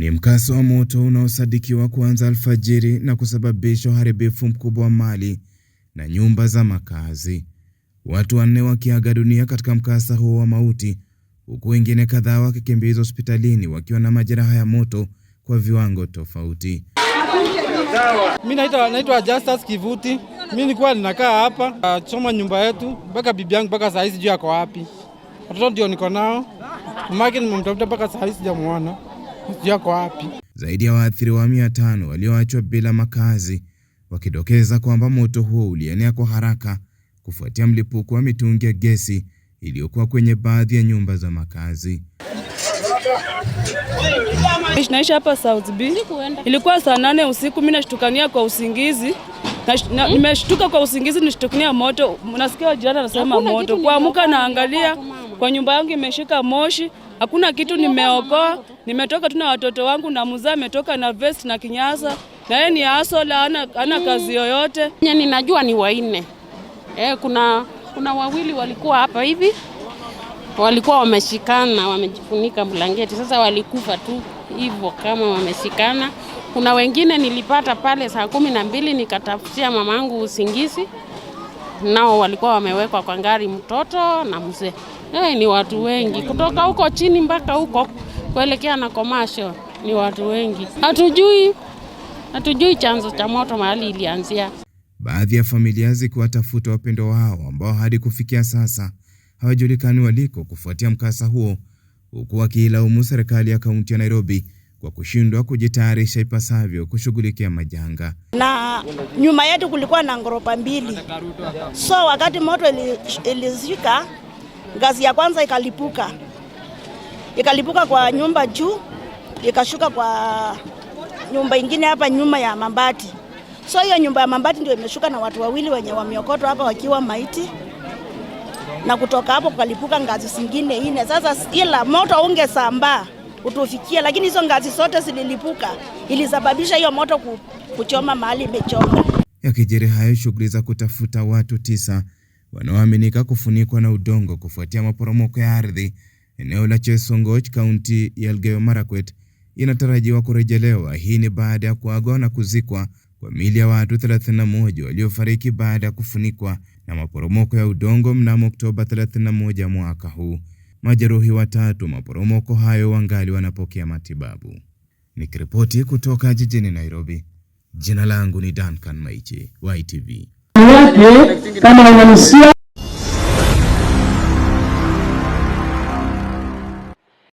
Ni mkasa wa moto unaosadikiwa kuanza alfajiri na kusababisha uharibifu mkubwa wa mali na nyumba za makazi. Watu wanne wakiaga dunia katika mkasa huo wa mauti, huku wengine kadhaa wakikimbizwa hospitalini wakiwa na majeraha ya moto kwa viwango tofauti. Mi naitwa naitwa Justus Kivuti. Mi nilikuwa ninakaa hapa choma nyumba yetu mpaka bibi yangu mpaka saa hii sijui ako wapi. Watoto ndio niko nao, mamake nimemtafuta mpaka saa hii yako wapi? Zaidi ya waathiriwa mia tano walioachwa bila makazi wakidokeza kwamba moto huo ulienea kwa haraka kufuatia mlipuko wa mitungi ya gesi iliyokuwa kwenye baadhi ya nyumba za makazi. Naishi hapa South B. Ilikuwa saa nane usiku, mimi nashtukania kwa usingizi na, nimeshtuka kwa usingizi nishtukania moto, nasikia jirani anasema moto, kuamka naangalia kwa nyumba yangu imeshika moshi, hakuna kitu nimeokoa. Nimetoka tu na watoto wangu na mzee ametoka na vest na kinyasa, na yeye ni asola, ana, ana kazi yoyote. Ninajua ni waine e, eh, kuna, kuna wawili walikuwa hapa hivi walikuwa wameshikana wamejifunika mlangeti, sasa walikufa tu hivyo kama wameshikana. Kuna wengine nilipata pale saa kumi na mbili nikatafutia mamangu usingizi, nao walikuwa wamewekwa kwa ngari, mtoto na mzee. Eh, ni watu wengi kutoka huko chini mpaka huko kuelekea na komasho, ni watu wengi. Hatujui, hatujui chanzo cha moto mahali ilianzia. Baadhi ya familia zikiwatafuta wapendo wao ambao hadi kufikia sasa hawajulikani waliko kufuatia mkasa huo, huku wakiilaumu serikali ya kaunti ya Nairobi kwa kushindwa kujitayarisha ipasavyo kushughulikia majanga. Na nyuma yetu kulikuwa na ngoropa mbili, so wakati moto ili Ngazi ya kwanza ikalipuka, ikalipuka kwa nyumba juu, ikashuka kwa nyumba ingine hapa nyuma ya mambati. So hiyo nyumba ya mambati ndio imeshuka na watu wawili wenye wameokotwa hapa wakiwa maiti, na kutoka hapo kalipuka ngazi zingine ine Sasa ila moto ungesambaa utufikia, lakini hizo ngazi zote zililipuka, ilisababisha hiyo moto kuchoma mahali imechoma. Yakijiri hayo, shughuli za kutafuta watu tisa wanaoaminika kufunikwa na udongo kufuatia maporomoko ya ardhi. Eneo la Chesongoch, kaunti ya Elgeyo Marakwet, inatarajiwa kurejelewa. Hii ni baada ya kuagwa na kuzikwa kwa miili ya watu 31 waliofariki baada ya kufunikwa na maporomoko ya udongo mnamo Oktoba 31 mwaka huu. Majeruhi watatu maporomoko hayo wangali wanapokea matibabu. Nikiripoti kutoka jijini Nairobi, jina langu ni Duncan Maichi, YTV yake kama uhalisia